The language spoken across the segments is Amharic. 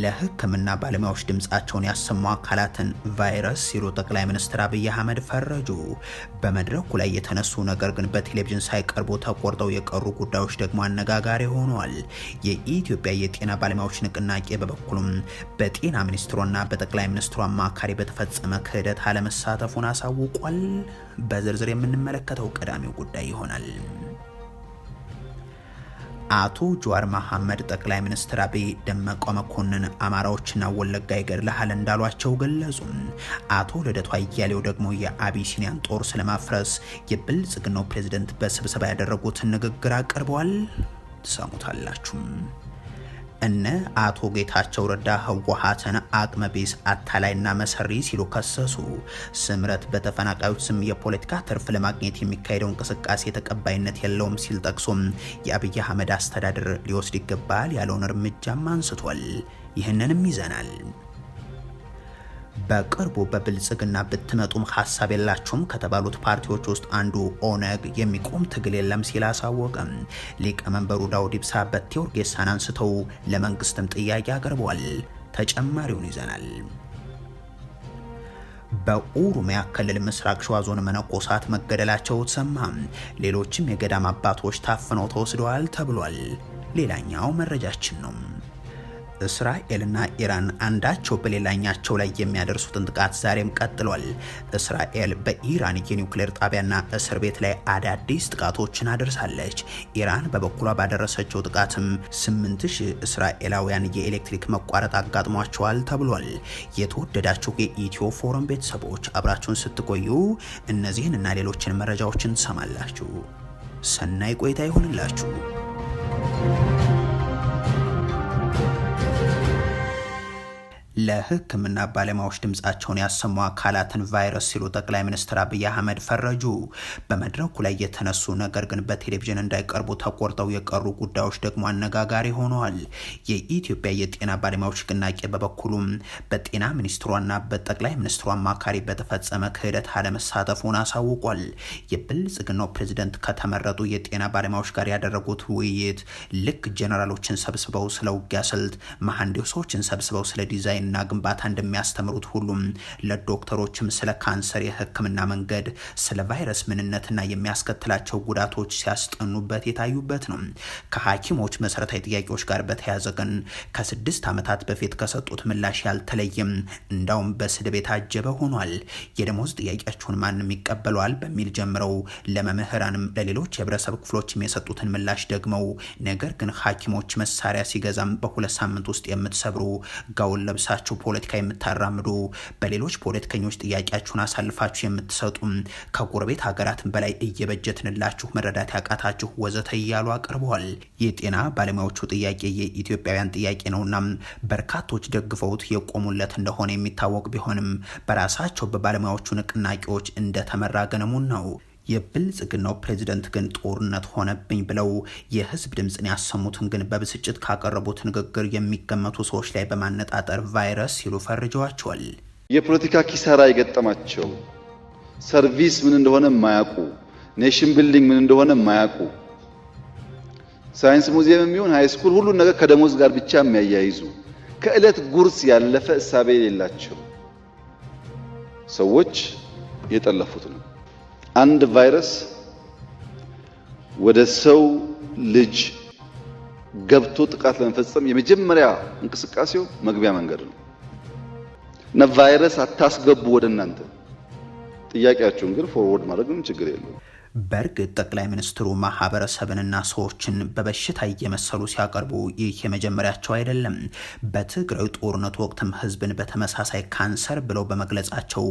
ለሕክምና ባለሙያዎች ድምፃቸውን ያሰሙ አካላትን ቫይረስ ሲሉ ጠቅላይ ሚኒስትር አብይ አህመድ ፈረጁ። በመድረኩ ላይ የተነሱ ነገር ግን በቴሌቪዥን ሳይቀርቡ ተቆርጠው የቀሩ ጉዳዮች ደግሞ አነጋጋሪ ሆነዋል። የኢትዮጵያ የጤና ባለሙያዎች ንቅናቄ በበኩሉም በጤና ሚኒስትሯና በጠቅላይ ሚኒስትሩ አማካሪ በተፈጸመ ክህደት አለመሳተፉን አሳውቋል። በዝርዝር የምንመለከተው ቀዳሚው ጉዳይ ይሆናል። አቶ ጀዋር መሐመድ ጠቅላይ ሚኒስትር አብይ ደመቀ መኮንን አማራዎችና ወለጋ ይገድልሃል እንዳሏቸው ገለጹ። አቶ ልደቱ አያሌው ደግሞ የአቢሲኒያን ጦር ስለማፍረስ የብልጽግናው ፕሬዝደንት በስብሰባ ያደረጉትን ንግግር አቅርበዋል። ትሰሙታላችሁ። እነ አቶ ጌታቸው ረዳ ህወሓትን አቅመ አታላይና መሰሪ ሲሉ ከሰሱ። ስምረት በተፈናቃዮች ስም የፖለቲካ ትርፍ ለማግኘት የሚካሄደው እንቅስቃሴ ተቀባይነት የለውም ሲል ጠቅሶም የአብይ አህመድ አስተዳደር ሊወስድ ይገባል ያለውን እርምጃም አንስቷል። ይህንንም ይዘናል። በቅርቡ በብልጽግና ብትመጡም ሀሳብ የላችሁም ከተባሉት ፓርቲዎች ውስጥ አንዱ ኦነግ የሚቆም ትግል የለም ሲል አሳወቀም። ሊቀመንበሩ ዳውድ ኢብሳ በቴ ኡርጌሳን አንስተው ለመንግስትም ጥያቄ አቅርበዋል። ተጨማሪውን ይዘናል። በኦሮሚያ ክልል ምስራቅ ሸዋ ዞን መነኮሳት መገደላቸው ተሰማ። ሌሎችም የገዳም አባቶች ታፍነው ተወስደዋል ተብሏል። ሌላኛው መረጃችን ነው። እስራኤልና ኢራን አንዳቸው በሌላኛቸው ላይ የሚያደርሱትን ጥቃት ዛሬም ቀጥሏል። እስራኤል በኢራን የኒውክሌር ጣቢያና እስር ቤት ላይ አዳዲስ ጥቃቶችን አደርሳለች። ኢራን በበኩሏ ባደረሰችው ጥቃትም 8000 እስራኤላውያን የኤሌክትሪክ መቋረጥ አጋጥሟቸዋል ተብሏል። የተወደዳቸው የኢትዮ ፎረም ቤተሰቦች አብራችሁን ስትቆዩ እነዚህን እና ሌሎችን መረጃዎችን ትሰማላችሁ። ሰናይ ቆይታ ይሆንላችሁ። ለሕክምና ባለሙያዎች ድምፃቸውን ያሰሙ አካላትን ቫይረስ ሲሉ ጠቅላይ ሚኒስትር አብይ አህመድ ፈረጁ። በመድረኩ ላይ የተነሱ ነገር ግን በቴሌቪዥን እንዳይቀርቡ ተቆርጠው የቀሩ ጉዳዮች ደግሞ አነጋጋሪ ሆነዋል። የኢትዮጵያ የጤና ባለሙያዎች ንቅናቄ በበኩሉም በጤና ሚኒስትሯና በጠቅላይ ሚኒስትሩ አማካሪ በተፈጸመ ክህደት አለመሳተፉን አሳውቋል። የብልጽግናው ፕሬዚደንት ከተመረጡ የጤና ባለሙያዎች ጋር ያደረጉት ውይይት ልክ ጀነራሎችን ሰብስበው ስለ ውጊያ ስልት፣ መሐንዲሶችን ሰብስበው ስለ ዲዛይን ህክምና ግንባታ እንደሚያስተምሩት ሁሉም ለዶክተሮችም ስለ ካንሰር የህክምና መንገድ፣ ስለ ቫይረስ ምንነትና የሚያስከትላቸው ጉዳቶች ሲያስጠኑበት የታዩበት ነው። ከሐኪሞች መሰረታዊ ጥያቄዎች ጋር በተያያዘ ግን ከስድስት ዓመታት በፊት ከሰጡት ምላሽ ያልተለየም እንዳውም በስድብ የታጀበ ሆኗል። የደሞዝ ጥያቄያችሁን ማንም ይቀበለዋል በሚል ጀምረው ለመምህራንም ለሌሎች የህብረተሰብ ክፍሎችም የሰጡትን ምላሽ ደግመው ነገር ግን ሐኪሞች መሳሪያ ሲገዛም በሁለት ሳምንት ውስጥ የምትሰብሩ ጋውን ለብሳ የራሳችሁ ፖለቲካ የምታራምዱ፣ በሌሎች ፖለቲከኞች ጥያቄያችሁን አሳልፋችሁ የምትሰጡ ከጎረቤት ሀገራትን በላይ እየበጀትንላችሁ መረዳት ያቃታችሁ ወዘተ እያሉ አቅርበዋል። የጤና ባለሙያዎቹ ጥያቄ የኢትዮጵያውያን ጥያቄ ነውና በርካቶች ደግፈውት የቆሙለት እንደሆነ የሚታወቅ ቢሆንም በራሳቸው በባለሙያዎቹ ንቅናቄዎች እንደተመራ ገነሙን ነው። የብልጽግናው ፕሬዚደንት ግን ጦርነት ሆነብኝ ብለው የህዝብ ድምፅን ያሰሙትን ግን በብስጭት ካቀረቡት ንግግር የሚገመቱ ሰዎች ላይ በማነጣጠር ቫይረስ ሲሉ ፈርጀዋቸዋል። የፖለቲካ ኪሳራ የገጠማቸው ሰርቪስ ምን እንደሆነ ማያቁ ኔሽን ቢልዲንግ ምን እንደሆነ ማያቁ? ሳይንስ ሙዚየም የሚሆን ሃይስኩል ሁሉን ነገር ከደሞዝ ጋር ብቻ የሚያያይዙ ከዕለት ጉርስ ያለፈ እሳቤ የሌላቸው ሰዎች የጠለፉት ነው። አንድ ቫይረስ ወደ ሰው ልጅ ገብቶ ጥቃት ለመፈጸም የመጀመሪያ እንቅስቃሴው መግቢያ መንገድ ነው እና ቫይረስ አታስገቡ ወደ እናንተ። ጥያቄያችሁን ግን ፎርወርድ ማድረግ ምን ችግር የለውም። በእርግጥ ጠቅላይ ሚኒስትሩ ማህበረሰብንና ሰዎችን በበሽታ እየመሰሉ ሲያቀርቡ ይህ የመጀመሪያቸው አይደለም። በትግራይ ጦርነት ወቅትም ህዝብን በተመሳሳይ ካንሰር ብለው በመግለጻቸው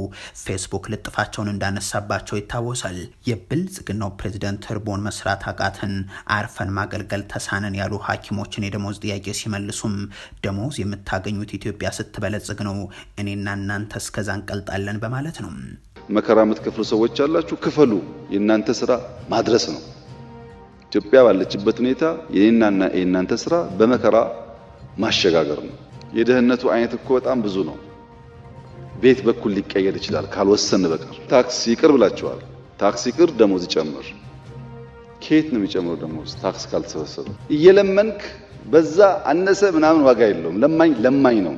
ፌስቡክ ልጥፋቸውን እንዳነሳባቸው ይታወሳል። የብልጽግናው ፕሬዚደንት እርቦን መስራት አቃትን፣ አርፈን ማገልገል ተሳነን ያሉ ሐኪሞችን የደሞዝ ጥያቄ ሲመልሱም ደሞዝ የምታገኙት ኢትዮጵያ ስትበለጽግ ነው፣ እኔና እናንተ እስከዛ እንቀልጣለን በማለት ነው። መከራ የምትከፍሉ ሰዎች አላችሁ፣ ክፈሉ። የእናንተ ስራ ማድረስ ነው። ኢትዮጵያ ባለችበት ሁኔታ የኔናና የእናንተ ስራ በመከራ ማሸጋገር ነው። የድህነቱ አይነት እኮ በጣም ብዙ ነው። ቤት በኩል ሊቀየር ይችላል ካልወሰን በቀር። ታክስ ይቅር ብላችኋል። ታክስ ይቅር፣ ደሞዝ ይጨምር። ከየት ነው የሚጨምረው ደሞዝ? ታክስ ካልተሰበሰበ እየለመንክ በዛ አነሰ ምናምን ዋጋ የለውም። ለማኝ ለማኝ ነው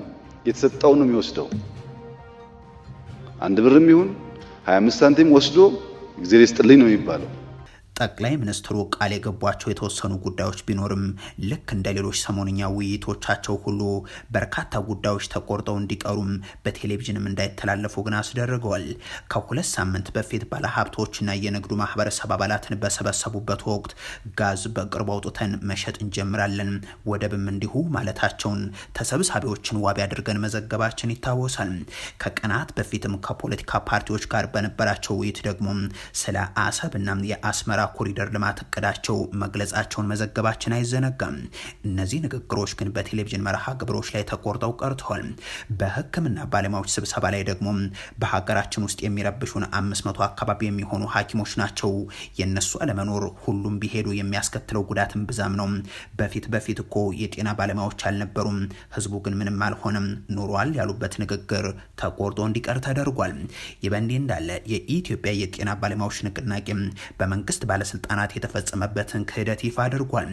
የተሰጠውን ነው የሚወስደው አንድ ብርም ይሁን 25 ሳንቲም ወስዶ እግዚአብሔር ይስጥልኝ ነው የሚባለው። ጠቅላይ ሚኒስትሩ ቃል የገቧቸው የተወሰኑ ጉዳዮች ቢኖርም ልክ እንደ ሌሎች ሰሞንኛ ውይይቶቻቸው ሁሉ በርካታ ጉዳዮች ተቆርጠው እንዲቀሩም በቴሌቪዥንም እንዳይተላለፉ ግን አስደርገዋል። ከሁለት ሳምንት በፊት ባለሀብቶችና የንግዱ ማህበረሰብ አባላትን በሰበሰቡበት ወቅት ጋዝ በቅርቡ አውጥተን መሸጥ እንጀምራለን፣ ወደብም እንዲሁ ማለታቸውን ተሰብሳቢዎችን ዋቢ አድርገን መዘገባችን ይታወሳል። ከቀናት በፊትም ከፖለቲካ ፓርቲዎች ጋር በነበራቸው ውይይት ደግሞ ስለ አሰብ የአስመራ ኮሪደር ልማት እቅዳቸው መግለጻቸውን መዘገባችን አይዘነጋም። እነዚህ ንግግሮች ግን በቴሌቪዥን መርሃ ግብሮች ላይ ተቆርጠው ቀርተዋል። በሕክምና ባለሙያዎች ስብሰባ ላይ ደግሞ በሀገራችን ውስጥ የሚረብሹን አምስት መቶ አካባቢ የሚሆኑ ሐኪሞች ናቸው። የነሱ አለመኖር ሁሉም ቢሄዱ የሚያስከትለው ጉዳትም ብዛም ነው። በፊት በፊት እኮ የጤና ባለሙያዎች አልነበሩም፣ ህዝቡ ግን ምንም አልሆነም ኑሯል ያሉበት ንግግር ተቆርጦ እንዲቀር ተደርጓል። ይህ በእንዲህ እንዳለ የኢትዮጵያ የጤና ባለሙያዎች ንቅናቄ በመንግስት ባለስልጣናት የተፈጸመበትን ክህደት ይፋ አድርጓል።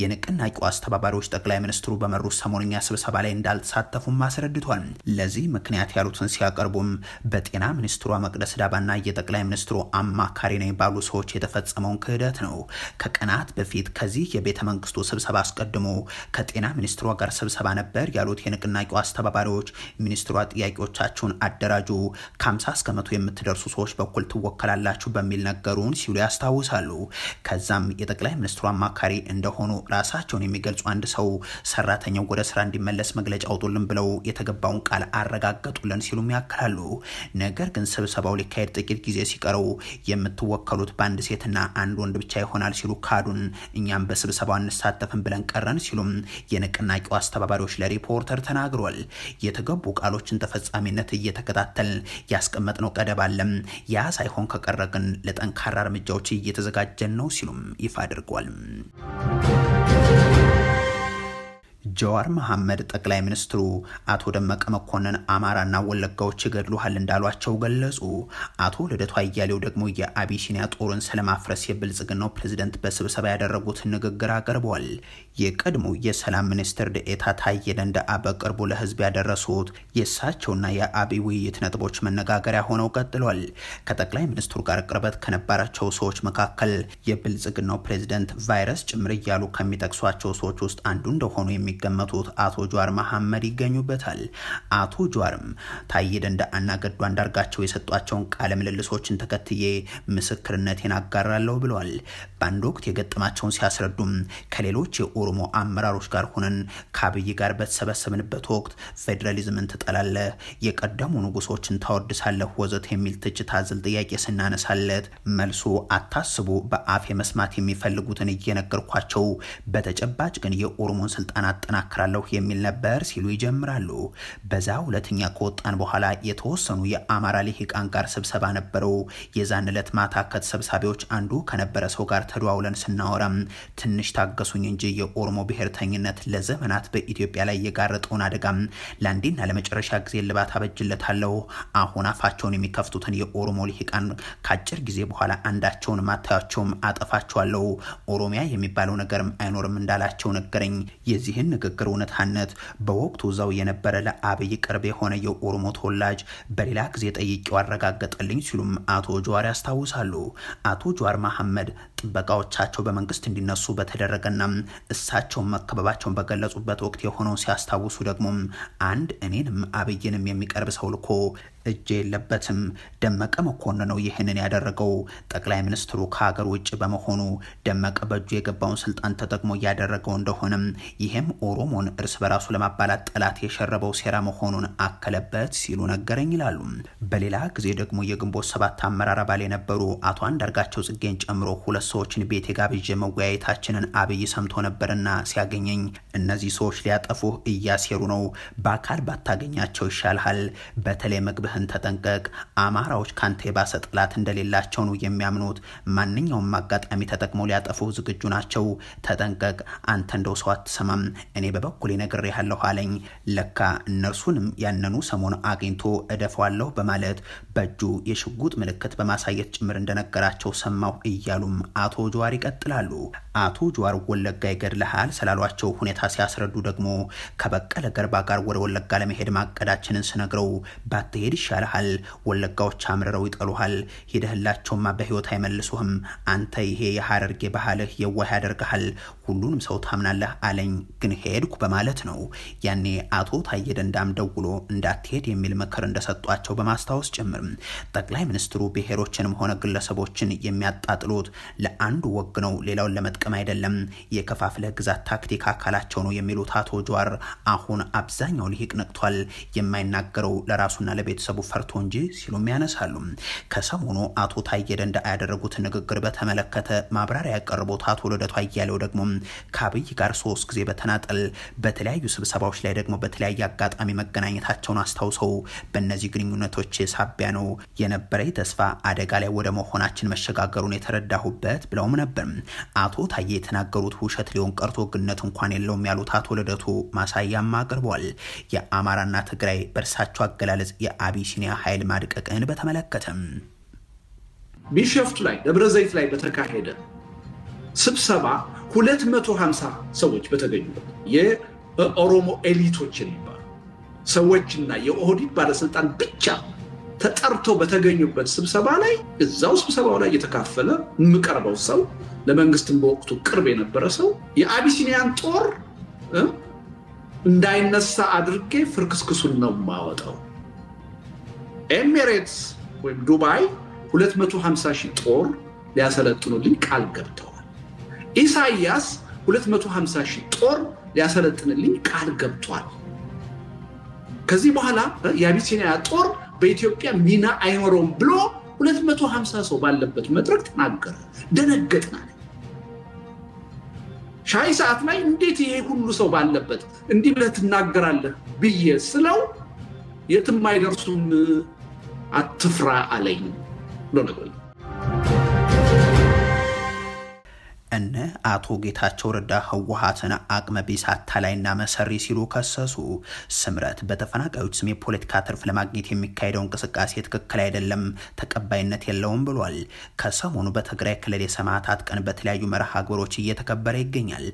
የንቅናቄው አስተባባሪዎች ጠቅላይ ሚኒስትሩ በመሩ ሰሞንኛ ስብሰባ ላይ እንዳልተሳተፉም አስረድቷል። ለዚህ ምክንያት ያሉትን ሲያቀርቡም በጤና ሚኒስትሯ መቅደስ ዳባና የጠቅላይ ሚኒስትሩ አማካሪ ነው ባሉ ሰዎች የተፈጸመውን ክህደት ነው። ከቀናት በፊት ከዚህ የቤተ መንግስቱ ስብሰባ አስቀድሞ ከጤና ሚኒስትሯ ጋር ስብሰባ ነበር ያሉት የንቅናቄው አስተባባሪዎች ሚኒስትሯ ጥያቄዎቻችሁን አደራጁ ከ50 እስከ 100 የምትደርሱ ሰዎች በኩል ትወከላላችሁ በሚል ነገሩን ሲሉ ያስታውሳል። ይገኛሉ። ከዛም የጠቅላይ ሚኒስትሩ አማካሪ እንደሆኑ ራሳቸውን የሚገልጹ አንድ ሰው ሰራተኛው ወደ ስራ እንዲመለስ መግለጫ አውጡልን ብለው የተገባውን ቃል አረጋገጡልን ሲሉም ያክላሉ። ነገር ግን ስብሰባው ሊካሄድ ጥቂት ጊዜ ሲቀረው የምትወከሉት በአንድ ሴትና አንድ ወንድ ብቻ ይሆናል ሲሉ ካዱን። እኛም በስብሰባው አንሳተፍም ብለን ቀረን ሲሉም የንቅናቄው አስተባባሪዎች ለሪፖርተር ተናግሯል። የተገቡ ቃሎችን ተፈጻሚነት እየተከታተል ያስቀመጥነው ቀደብ አለም። ያ ሳይሆን ከቀረ ግን ለጠንካራ እርምጃዎች እየተዘ እየተዘጋጀን ነው ሲሉም ይፋ አድርጓል። ጀዋር መሐመድ ጠቅላይ ሚኒስትሩ አቶ ደመቀ መኮንን አማራና ወለጋዎች ይገድሉሃል እንዳሏቸው ገለጹ። አቶ ልደቱ አያሌው ደግሞ የአቢሲኒያ ጦርን ስለማፍረስ የብልጽግናው ፕሬዝደንት በስብሰባ ያደረጉትን ንግግር አቅርቧል። የቀድሞ የሰላም ሚኒስትር ደኤታ ታዬ ደንደአ በቅርቡ ለህዝብ ያደረሱት የእሳቸውና የአቢ ውይይት ነጥቦች መነጋገሪያ ሆነው ቀጥሏል። ከጠቅላይ ሚኒስትሩ ጋር ቅርበት ከነባራቸው ሰዎች መካከል የብልጽግናው ፕሬዝደንት ቫይረስ ጭምር እያሉ ከሚጠቅሷቸው ሰዎች ውስጥ አንዱ እንደሆኑ የሚ የሚገመቱት አቶ ጀዋር መሐመድ ይገኙበታል። አቶ ጀዋርም ታዬ ደንደአና ገዱ አንዳርጋቸው የሰጧቸውን ቃለ ምልልሶችን ተከትዬ ምስክርነቴን አጋራለሁ ብለዋል። በአንድ ወቅት የገጠማቸውን ሲያስረዱም ከሌሎች የኦሮሞ አመራሮች ጋር ሆነን ከአብይ ጋር በተሰበሰብንበት ወቅት ፌዴራሊዝምን ትጠላለህ፣ የቀደሙ ንጉሶችን ታወድሳለህ፣ ወዘት የሚል ትችት አዘል ጥያቄ ስናነሳለት መልሱ አታስቡ፣ በአፌ መስማት የሚፈልጉትን እየነገርኳቸው በተጨባጭ ግን የኦሮሞን ስልጣናት አጠናክራለሁ የሚል ነበር ሲሉ ይጀምራሉ። በዛ ሁለተኛ ከወጣን በኋላ የተወሰኑ የአማራ ልሂቃን ጋር ስብሰባ ነበረው። የዛን ዕለት ማታ ከተሰብሳቢዎች አንዱ ከነበረ ሰው ጋር ተደዋውለን ስናወራም ትንሽ ታገሱኝ እንጂ የኦሮሞ ብሔርተኝነት ለዘመናት በኢትዮጵያ ላይ የጋረጠውን አደጋም ለአንዴና ለመጨረሻ ጊዜ ልባት አበጅለታለሁ። አሁን አፋቸውን የሚከፍቱትን የኦሮሞ ልሂቃን ከአጭር ጊዜ በኋላ አንዳቸውን ማታያቸውም አጠፋቸዋለሁ። ኦሮሚያ የሚባለው ነገርም አይኖርም እንዳላቸው ነገረኝ። የዚህን የንግግር እውነታነት በወቅቱ እዛው የነበረ ለአብይ ቅርብ የሆነ የኦሮሞ ተወላጅ በሌላ ጊዜ ጠይቄው አረጋገጠልኝ ሲሉም አቶ ጀዋር ያስታውሳሉ። አቶ ጀዋር መሐመድ ጥበቃዎቻቸው በመንግስት እንዲነሱ በተደረገና እሳቸውን መከበባቸውን በገለጹበት ወቅት የሆነው ሲያስታውሱ ደግሞ አንድ እኔንም አብይንም የሚቀርብ ሰው ልኮ እጄ የለበትም ደመቀ መኮንን ነው ይህንን ያደረገው። ጠቅላይ ሚኒስትሩ ከሀገር ውጭ በመሆኑ ደመቀ በእጁ የገባውን ስልጣን ተጠቅሞ እያደረገው እንደሆነም ይህም ኦሮሞን እርስ በራሱ ለማባላት ጠላት የሸረበው ሴራ መሆኑን አከለበት ሲሉ ነገረኝ ይላሉ። በሌላ ጊዜ ደግሞ የግንቦት ሰባት አመራር አባል የነበሩ አቶ አንዳርጋቸው ጽጌን ጨምሮ ሁለት ሰዎችን ቤት የጋብዤ መወያየታችንን አብይ ሰምቶ ነበርና ሲያገኘኝ እነዚህ ሰዎች ሊያጠፉህ እያሴሩ ነው፣ በአካል ባታገኛቸው ይሻልሃል። በተለይ ምግብህን ተጠንቀቅ። አማራዎች ካንተ የባሰ ጠላት እንደሌላቸው ነው የሚያምኑት። ማንኛውም አጋጣሚ ተጠቅመው ሊያጠፉ ዝግጁ ናቸው። ተጠንቀቅ። አንተ እንደው ሰው አትሰማም። እኔ በበኩሌ ነግሬሃለሁ አለኝ። ለካ እነርሱንም ያነኑ ሰሞን አግኝቶ እደፈዋለሁ በማለት በእጁ የሽጉጥ ምልክት በማሳየት ጭምር እንደነገራቸው ሰማሁ እያሉም አቶ ጀዋር ይቀጥላሉ። አቶ ጀዋር ወለጋ ይገድልሃል ስላሏቸው ሁኔታ ሲያስረዱ ደግሞ ከበቀለ ገርባ ጋር ወደ ወለጋ ለመሄድ ማቀዳችንን ስነግረው ባትሄድ ይሻልሃል፣ ወለጋዎች አምርረው ይጠሉሃል፣ ሂደህላቸውማ በህይወት አይመልሱህም። አንተ ይሄ የሀረርጌ ባህልህ የዋህ ያደርግሃል ሁሉንም ሰው ታምናለህ አለኝ ግን ሄድኩ በማለት ነው። ያኔ አቶ ታዬ ደንዳም ደውሎ እንዳትሄድ የሚል ምክር እንደሰጧቸው በማስታወስ ጭምር ጠቅላይ ሚኒስትሩ ብሔሮችንም ሆነ ግለሰቦችን የሚያጣጥሉት ለአንዱ ወግ ነው፣ ሌላውን ለመጥቀም አይደለም። የከፋፍለ ግዛት ታክቲክ አካላቸው ነው የሚሉት አቶ ጀዋር አሁን አብዛኛው ልሂቅ ነቅቷል፣ የማይናገረው ለራሱና ለቤተሰቡ ፈርቶ እንጂ ሲሉም ያነሳሉ። ከሰሞኑ አቶ ታዬ ደንዳ ያደረጉትን ንግግር በተመለከተ ማብራሪያ ያቀረቡት አቶ ልደቱ አያሌው ደግሞ ከአብይ ጋር ሶስት ጊዜ በተናጠል በተለያዩ ስብሰባዎች ላይ ደግሞ በተለያየ አጋጣሚ መገናኘታቸውን አስታውሰው በእነዚህ ግንኙነቶች ሳቢያ ነው የነበረ ተስፋ አደጋ ላይ ወደ መሆናችን መሸጋገሩን የተረዳሁበት ብለውም ነበር። አቶ ታዬ የተናገሩት ውሸት ሊሆን ቀርቶ ግነት እንኳን የለውም ያሉት አቶ ልደቱ ማሳያም አቅርቧል። የአማራና ትግራይ በእርሳቸው አገላለጽ የአቢሲኒያ ኃይል ማድቀቅን በተመለከተም ቢሸፍቱ ላይ ደብረ ዘይት ላይ በተካሄደ ስብሰባ 250 ሰዎች በተገኙበት የኦሮሞ ኤሊቶች የሚባሉ ሰዎችና የኦህዲድ ባለስልጣን ብቻ ተጠርተው በተገኙበት ስብሰባ ላይ እዛው ስብሰባው ላይ እየተካፈለ የምቀርበው ሰው ለመንግስትም በወቅቱ ቅርብ የነበረ ሰው የአቢሲኒያን ጦር እንዳይነሳ አድርጌ ፍርክስክሱን ነው የማወጣው። ኤሚሬትስ ወይም ዱባይ 250 ሺህ ጦር ሊያሰለጥኑልኝ ቃል ገብተው ኢሳያስ 250 ሺህ ጦር ሊያሰለጥንልኝ ቃል ገብቷል። ከዚህ በኋላ የአቢሲኒያ ጦር በኢትዮጵያ ሚና አይኖረውም ብሎ 250 ሰው ባለበት መድረክ ተናገረ። ደነገጥና ሻይ ሰዓት ላይ እንዴት ይሄ ሁሉ ሰው ባለበት እንዲህ ብለህ ትናገራለህ ብዬ ስለው የትም አይደርሱም አትፍራ አለኝ ብሎ ነገር እነ አቶ ጌታቸው ረዳ ህወሀትን አቅመ ቢስ አታላይና መሰሪ ሲሉ ከሰሱ። ስምረት በተፈናቃዮች ስም የፖለቲካ ትርፍ ለማግኘት የሚካሄደው እንቅስቃሴ ትክክል አይደለም፣ ተቀባይነት የለውም ብሏል። ከሰሞኑ በትግራይ ክልል የሰማዕታት ቀን በተለያዩ መርሃ ግብሮች እየተከበረ ይገኛል።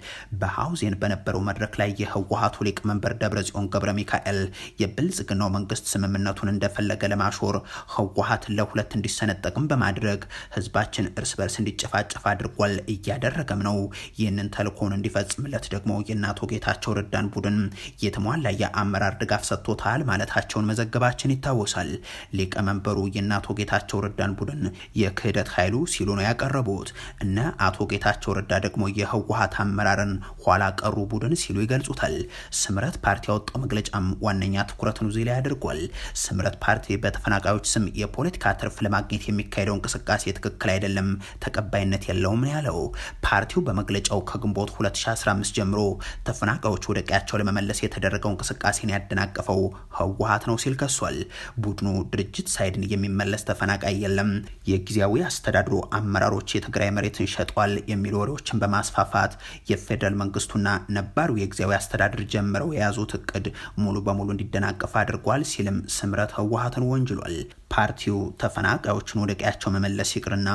በሀውዜን በነበረው መድረክ ላይ የህወሀቱ ሊቀመንበር ደብረጽዮን ገብረ ሚካኤል የብልጽግናው መንግስት ስምምነቱን እንደፈለገ ለማሾር ህወሀትን ለሁለት እንዲሰነጠቅም በማድረግ ህዝባችን እርስ በርስ እንዲጨፋጨፍ አድርጓል እያደ እያደረገም ነው። ይህንን ተልኮን እንዲፈጽምለት ደግሞ የእናቶ ጌታቸው ረዳን ቡድን የተሟላ የአመራር ድጋፍ ሰጥቶታል ማለታቸውን መዘገባችን ይታወሳል። ሊቀመንበሩ የእናቶ ጌታቸው ረዳን ቡድን የክህደት ኃይሉ ሲሉ ነው ያቀረቡት። እነ አቶ ጌታቸው ረዳ ደግሞ የህወሀት አመራርን ኋላ ቀሩ ቡድን ሲሉ ይገልጹታል። ስምረት ፓርቲ ያወጣው መግለጫም ዋነኛ ትኩረትን እዚህ ላይ አድርጓል። ስምረት ፓርቲ በተፈናቃዮች ስም የፖለቲካ ትርፍ ለማግኘት የሚካሄደው እንቅስቃሴ ትክክል አይደለም፣ ተቀባይነት የለውም ያለው ፓርቲው በመግለጫው ከግንቦት 2015 ጀምሮ ተፈናቃዮች ወደ ቀያቸው ለመመለስ የተደረገው እንቅስቃሴን ያደናቀፈው ህወሀት ነው ሲል ከሷል። ቡድኑ ድርጅት ሳይድን የሚመለስ ተፈናቃይ የለም፣ የጊዜያዊ አስተዳድሩ አመራሮች የትግራይ መሬትን ሸጧል የሚሉ ወሬዎችን በማስፋፋት የፌዴራል መንግስቱና ነባሩ የጊዜያዊ አስተዳድር ጀምረው የያዙት እቅድ ሙሉ በሙሉ እንዲደናቀፍ አድርጓል ሲልም ስምረት ህወሀትን ወንጅሏል። ፓርቲው ተፈናቃዮችን ወደ ቀያቸው መመለስ ይቅርና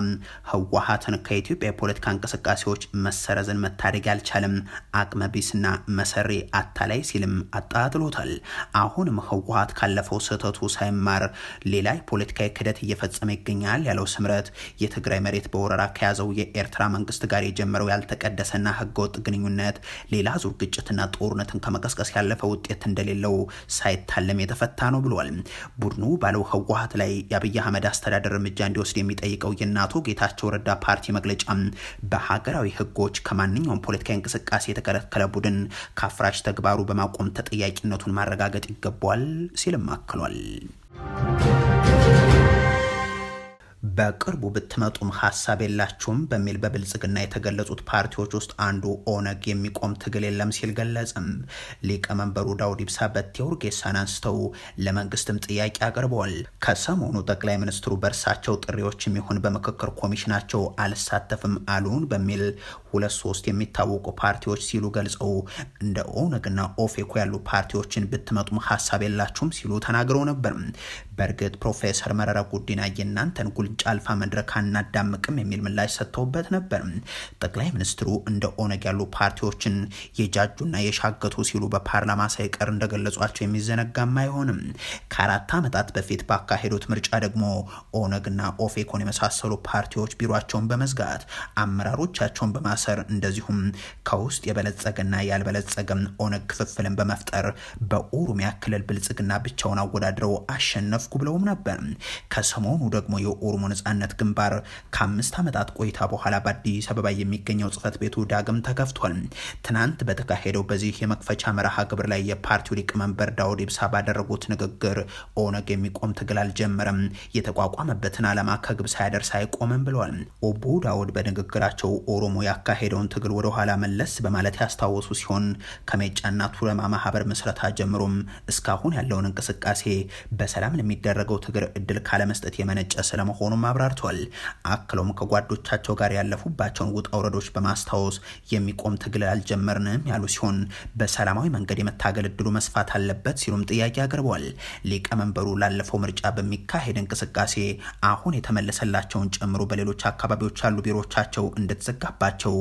ህወሀትን ከኢትዮጵያ የፖለቲካ እንቅስቃሴዎች መሰረዝን መታደግ አልቻለም፣ አቅመ ቢስና መሰሪ አታላይ ሲልም አጣጥሎታል። አሁንም ህወሀት ካለፈው ስህተቱ ሳይማር ሌላ የፖለቲካዊ ክደት እየፈጸመ ይገኛል ያለው ስምረት የትግራይ መሬት በወረራ ከያዘው የኤርትራ መንግስት ጋር የጀመረው ያልተቀደሰና ህገወጥ ግንኙነት ሌላ ዙር ግጭትና ጦርነትን ከመቀስቀስ ያለፈ ውጤት እንደሌለው ሳይታለም የተፈታ ነው ብሏል። ቡድኑ ባለው ህወሀት ላይ ላይ የአብይ አህመድ አስተዳደር እርምጃ እንዲወስድ የሚጠይቀው የእነ ጌታቸው ረዳ ፓርቲ መግለጫ በሀገራዊ ህጎች ከማንኛውም ፖለቲካዊ እንቅስቃሴ የተከለከለ ቡድን ከአፍራሽ ተግባሩ በማቆም ተጠያቂነቱን ማረጋገጥ ይገባዋል ሲልም አክሏል። በቅርቡ ብትመጡም ሀሳብ የላችሁም በሚል በብልጽግና የተገለጹት ፓርቲዎች ውስጥ አንዱ ኦነግ የሚቆም ትግል የለም ሲል ገለጽም። ሊቀመንበሩ ዳውድ ኢብሳ በቴ ኡርጌሳን አንስተው ለመንግስትም ጥያቄ አቅርበዋል። ከሰሞኑ ጠቅላይ ሚኒስትሩ በእርሳቸው ጥሪዎች የሚሆን በምክክር ኮሚሽናቸው አልሳተፍም አሉን በሚል ሁለት ሶስት የሚታወቁ ፓርቲዎች ሲሉ ገልጸው እንደ ኦነግና ኦፌኮ ያሉ ፓርቲዎችን ብትመጡም ሀሳብ የላችሁም ሲሉ ተናግረው ነበር። በእርግጥ ፕሮፌሰር መረራ ጉዲና የእናንተን ጉልጫ አልፋ መድረክ አናዳምቅም የሚል ምላሽ ሰጥተውበት ነበር። ጠቅላይ ሚኒስትሩ እንደ ኦነግ ያሉ ፓርቲዎችን የጃጁና የሻገቱ ሲሉ በፓርላማ ሳይቀር እንደገለጿቸው የሚዘነጋም አይሆንም። ከአራት ዓመታት በፊት ባካሄዱት ምርጫ ደግሞ ኦነግና ኦፌኮን የመሳሰሉ ፓርቲዎች ቢሯቸውን በመዝጋት አመራሮቻቸውን በማሰ ማሰር፣ እንደዚሁም ከውስጥ የበለጸገና ያልበለጸገም ኦነግ ክፍፍልን በመፍጠር በኦሮሚያ ክልል ብልጽግና ብቻውን አወዳድረው አሸነፍኩ ብለውም ነበር። ከሰሞኑ ደግሞ የኦሮሞ ነጻነት ግንባር ከአምስት ዓመታት ቆይታ በኋላ በአዲስ አበባ የሚገኘው ጽህፈት ቤቱ ዳግም ተከፍቷል። ትናንት በተካሄደው በዚህ የመክፈቻ መርሃ ግብር ላይ የፓርቲው ሊቀመንበር ዳውድ ኢብሳ ባደረጉት ንግግር ኦነግ የሚቆም ትግል አልጀመረም፣ የተቋቋመበትን ዓላማ ከግብ ሳያደርስ አይቆምም ብለዋል። ኦቦ ዳውድ በንግግራቸው ኦሮሞ ያካ የተካሄደውን ትግል ወደ ኋላ መለስ በማለት ያስታወሱ ሲሆን ከሜጫና ቱለማ ማህበር ምስረታ ጀምሮም እስካሁን ያለውን እንቅስቃሴ በሰላም ለሚደረገው ትግል እድል ካለመስጠት የመነጨ ስለመሆኑም አብራርቷል። አክለውም ከጓዶቻቸው ጋር ያለፉባቸውን ውጣ ውረዶች በማስታወስ የሚቆም ትግል አልጀመርንም ያሉ ሲሆን በሰላማዊ መንገድ የመታገል እድሉ መስፋት አለበት ሲሉም ጥያቄ አቅርበዋል። ሊቀመንበሩ ላለፈው ምርጫ በሚካሄድ እንቅስቃሴ አሁን የተመለሰላቸውን ጨምሮ በሌሎች አካባቢዎች ያሉ ቢሮቻቸው እንደተዘጋባቸው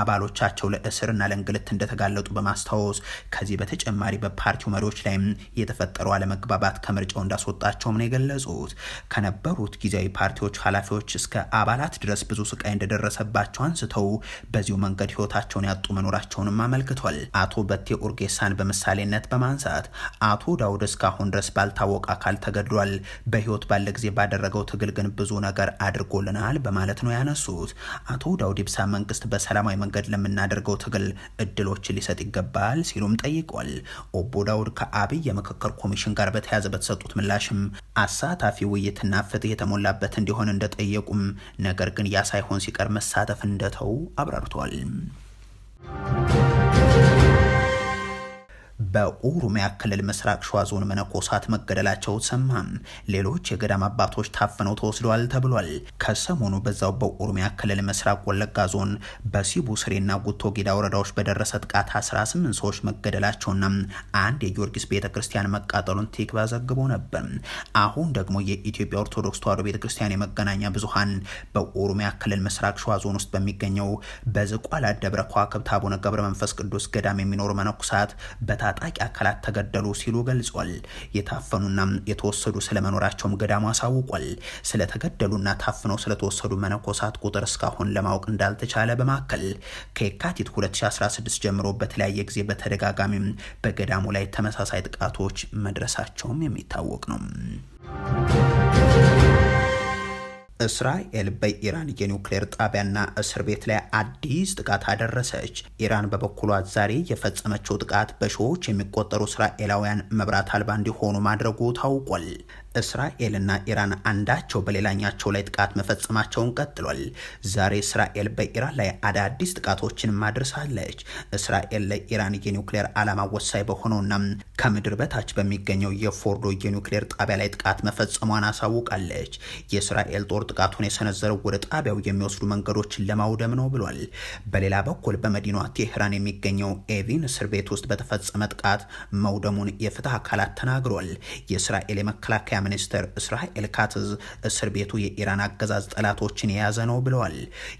አባሎቻቸው ለእስርና ለእንግልት እንደተጋለጡ በማስታወስ ከዚህ በተጨማሪ በፓርቲው መሪዎች ላይም የተፈጠረው አለመግባባት ከምርጫው እንዳስወጣቸውም ነው የገለጹት። ከነበሩት ጊዜያዊ ፓርቲዎች ኃላፊዎች እስከ አባላት ድረስ ብዙ ስቃይ እንደደረሰባቸው አንስተው በዚሁ መንገድ ህይወታቸውን ያጡ መኖራቸውንም አመልክቷል። አቶ በቴ ኡርጌሳን በምሳሌነት በማንሳት አቶ ዳውድ እስካሁን ድረስ ባልታወቀ አካል ተገድሏል። በህይወት ባለ ጊዜ ባደረገው ትግል ግን ብዙ ነገር አድርጎልናል በማለት ነው ያነሱት። አቶ ዳውድ ኢብሳ መንግስት በ በሰላማዊ መንገድ ለምናደርገው ትግል እድሎችን ሊሰጥ ይገባል ሲሉም ጠይቋል። ኦቦ ዳውድ ከአብይ የምክክር ኮሚሽን ጋር በተያያዘ በተሰጡት ምላሽም አሳታፊ ውይይትና ፍትህ የተሞላበት እንዲሆን እንደጠየቁም ነገር ግን ያ ሳይሆን ሲቀር መሳተፍ እንደተው አብራርተዋል። በኦሮሚያ ክልል ምስራቅ ሸዋ ዞን መነኮሳት መገደላቸው ሰማ። ሌሎች የገዳም አባቶች ታፍነው ተወስደዋል ተብሏል። ከሰሞኑ በዛው በኦሮሚያ ክልል ምስራቅ ወለጋ ዞን በሲቡ ስሬና ጉቶ ጊዳ ወረዳዎች በደረሰ ጥቃት 18 ሰዎች መገደላቸውና አንድ የጊዮርጊስ ቤተ ክርስቲያን መቃጠሉን ቲክባ ዘግቦ ነበር። አሁን ደግሞ የኢትዮጵያ ኦርቶዶክስ ተዋሕዶ ቤተ ክርስቲያን የመገናኛ ብዙኃን በኦሮሚያ ክልል ምስራቅ ሸዋ ዞን ውስጥ በሚገኘው በዝቋላ ደብረ ከዋክብት አቡነ ገብረ መንፈስ ቅዱስ ገዳም የሚኖሩ መነኮሳት በታ ታጣቂ አካላት ተገደሉ ሲሉ ገልጿል። የታፈኑና የተወሰዱ ስለመኖራቸውም ገዳሙ አሳውቋል። ስለተገደሉና ታፍነው ስለተወሰዱ መነኮሳት ቁጥር እስካሁን ለማወቅ እንዳልተቻለ በማከል ከየካቲት 2016 ጀምሮ በተለያየ ጊዜ በተደጋጋሚም በገዳሙ ላይ ተመሳሳይ ጥቃቶች መድረሳቸውም የሚታወቅ ነው። እስራኤል በኢራን የኒውክሌር ጣቢያና እስር ቤት ላይ አዲስ ጥቃት አደረሰች። ኢራን በበኩሏ ዛሬ የፈጸመችው ጥቃት በሺዎች የሚቆጠሩ እስራኤላውያን መብራት አልባ እንዲሆኑ ማድረጉ ታውቋል። እስራኤልና ኢራን አንዳቸው በሌላኛቸው ላይ ጥቃት መፈጸማቸውን ቀጥሏል። ዛሬ እስራኤል በኢራን ላይ አዳዲስ ጥቃቶችን ማድረሳለች። እስራኤል ለኢራን የኒውክሌር ዓላማ ወሳኝ በሆነውና ከምድር በታች በሚገኘው የፎርዶ የኒውክሌር ጣቢያ ላይ ጥቃት መፈጸሟን አሳውቃለች። የእስራኤል ጦር ጥቃቱን የሰነዘረው ወደ ጣቢያው የሚወስዱ መንገዶችን ለማውደም ነው ብሏል። በሌላ በኩል በመዲኗ ቴህራን የሚገኘው ኤቪን እስር ቤት ውስጥ በተፈጸመ ጥቃት መውደሙን የፍትህ አካላት ተናግሯል። የእስራኤል የመከላከያ ሚኒስትር እስራኤል ካትዝ እስር ቤቱ የኢራን አገዛዝ ጠላቶችን የያዘ ነው ብለዋል።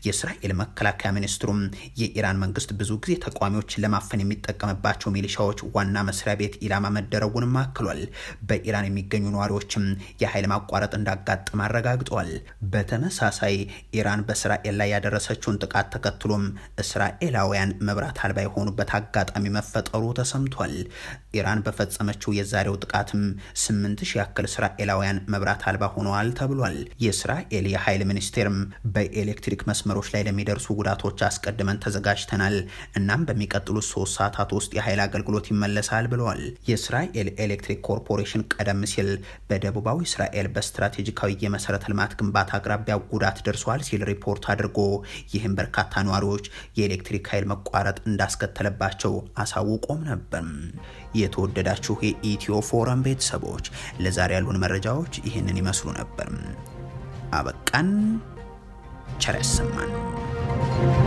የእስራኤል መከላከያ ሚኒስትሩም የኢራን መንግስት ብዙ ጊዜ ተቃዋሚዎችን ለማፈን የሚጠቀምባቸው ሚሊሻዎች ዋና መስሪያ ቤት ኢላማ መደረጉንም አክሏል። በኢራን የሚገኙ ነዋሪዎችም የኃይል ማቋረጥ እንዳጋጥም አረጋግጠዋል። በተመሳሳይ ኢራን በእስራኤል ላይ ያደረሰችውን ጥቃት ተከትሎም እስራኤላውያን መብራት አልባ የሆኑበት አጋጣሚ መፈጠሩ ተሰምቷል። ኢራን በፈጸመችው የዛሬው ጥቃትም ስምንት ሺ ያክል እስራኤላውያን መብራት አልባ ሆነዋል ተብሏል። የእስራኤል የኃይል ሚኒስቴርም በኤሌክትሪክ መስመሮች ላይ ለሚደርሱ ጉዳቶች አስቀድመን ተዘጋጅተናል፣ እናም በሚቀጥሉት ሶስት ሰዓታት ውስጥ የኃይል አገልግሎት ይመለሳል ብለዋል። የእስራኤል ኤሌክትሪክ ኮርፖሬሽን ቀደም ሲል በደቡባዊ እስራኤል በስትራቴጂካዊ የመሰረተ ልማት ግንባታ አቅራቢያ ጉዳት ደርሷል ሲል ሪፖርት አድርጎ ይህም በርካታ ነዋሪዎች የኤሌክትሪክ ኃይል መቋረጥ እንዳስከተለባቸው አሳውቆም ነበር። የተወደዳችሁ የኢትዮ ፎረም ቤተሰቦች ለዛሬ ያሉን መረጃዎች ይህንን ይመስሉ ነበር። አበቃን። ቸር ያሰማን።